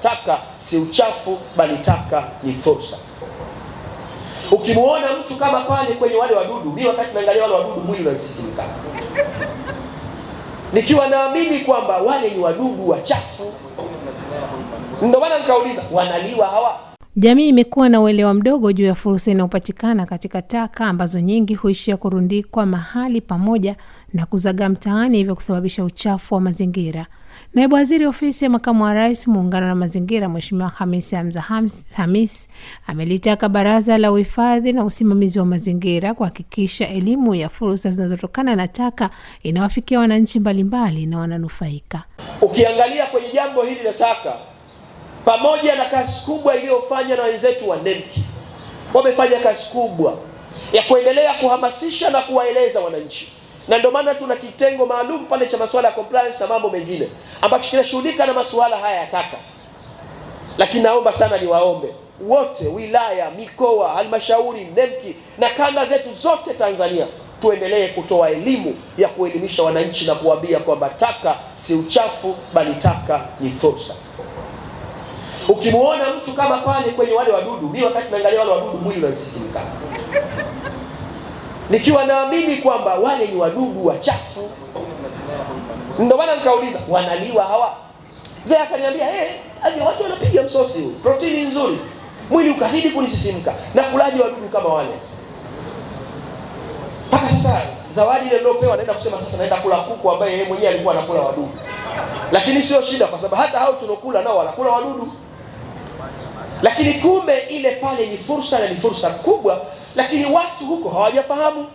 Taka si uchafu bali taka ni fursa. Ukimwona mtu kama pale kwenye wale wadudu, mimi wakati naangalia wale wadudu mwili unasisimka, nikiwa naamini kwamba wale ni wadudu wachafu. Ndio maana nikauliza, wanaliwa hawa? Jamii imekuwa na uelewa mdogo juu ya fursa inayopatikana katika taka ambazo nyingi huishia kurundikwa mahali pamoja na kuzagaa mtaani, hivyo kusababisha uchafu wa mazingira. Naibu Waziri Ofisi ya Makamu wa Rais, Muungano na Mazingira, Mheshimiwa hamis Hamza Hamis amelitaka Baraza la Uhifadhi na Usimamizi wa Mazingira kuhakikisha elimu ya fursa zinazotokana na taka inawafikia wananchi mbalimbali na wananufaika. Ukiangalia kwenye jambo hili la taka pamoja na kazi kubwa iliyofanywa na wenzetu wa NEMC. Wamefanya kazi kubwa ya kuendelea kuhamasisha na kuwaeleza wananchi, na ndio maana tuna kitengo maalum pale cha masuala ya compliance na mambo mengine ambacho kinashughulika na masuala haya ya taka. Lakini naomba sana niwaombe wote, wilaya, mikoa, halmashauri, NEMC na kanda zetu zote Tanzania, tuendelee kutoa elimu ya kuelimisha wananchi na kuwaambia kwamba taka si uchafu, bali taka ni fursa. Ukimwona mtu kama pale kwenye wale wadudu, mimi wakati naangalia wale wadudu mwili unasisimka, nikiwa naamini kwamba wale ni wadudu wachafu. Ndio maana nikauliza wanaliwa hawa? Mzee akaniambia eh, hey, watu wanapiga msosi huu, protini nzuri. Mwili ukazidi kunisisimka, na kulaji wadudu kama wale. Mpaka sasa zawadi ile nilopewa naenda kusema sasa naenda kula kuku ambaye yeye mwenyewe alikuwa anakula wadudu, lakini sio shida, kwa sababu hata hao tunokula nao wanakula wadudu. Lakini kumbe ile pale ni fursa na ni fursa kubwa, lakini watu huko hawajafahamu.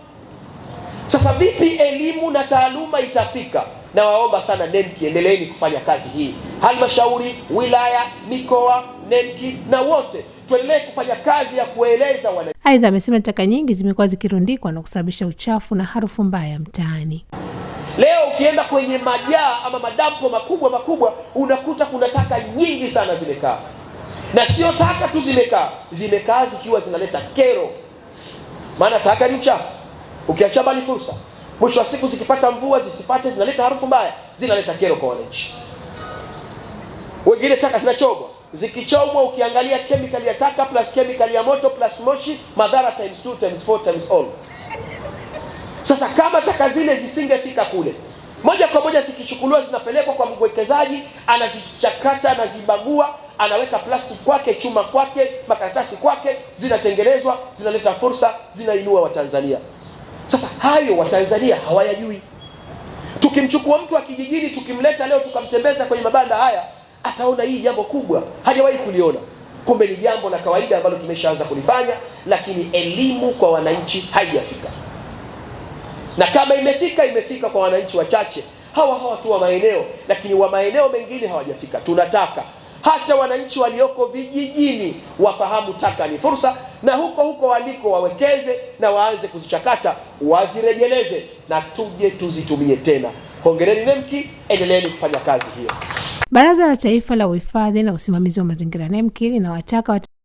Sasa vipi elimu na taaluma itafika? Nawaomba sana NEMKI, endeleeni kufanya kazi hii, halmashauri, wilaya, mikoa, NEMKI na wote tuendelee kufanya kazi ya kueleza wana. Aidha, amesema taka nyingi zimekuwa zikirundikwa na kusababisha uchafu na harufu mbaya mtaani. Leo ukienda kwenye majaa ama madampo makubwa makubwa unakuta kuna taka nyingi sana zimekaa na sio taka tu zimekaa, zimekaa zikiwa zinaleta kero, maana taka ni uchafu, ukiacha bali fursa, mwisho wa siku zikipata mvua zisipate, zinaleta harufu mbaya, zinaleta kero kwa wananchi wengine. Taka zinachomwa, zikichomwa, ukiangalia kemikali ya taka plus kemikali ya moto plus moshi, madhara times two, times four, times all. Sasa kama taka zile zisingefika kule moja kwa moja zikichukuliwa zinapelekwa kwa mwekezaji, anazichakata, anazibagua, anaweka plastiki kwake, chuma kwake, makaratasi kwake, zinatengenezwa, zinaleta fursa, zinainua Watanzania. Sasa hayo Watanzania hawayajui. Tukimchukua mtu wa kijijini tukimleta leo tukamtembeza kwenye mabanda haya, ataona hii jambo kubwa, hajawahi kuliona. Kumbe ni jambo la kawaida ambalo tumeshaanza kulifanya, lakini elimu kwa wananchi haijafika na kama imefika imefika kwa wananchi wachache hawa hawa tu wa maeneo, lakini wa maeneo mengine hawajafika. Tunataka hata wananchi walioko vijijini wafahamu taka ni fursa, na huko huko waliko wawekeze na waanze kuzichakata, wazirejeleze na tuje tuzitumie tena. Hongereni NEMKI, endeleeni kufanya kazi hiyo. Baraza la Taifa la Uhifadhi na Usimamizi wa Mazingira NEMKI linawataka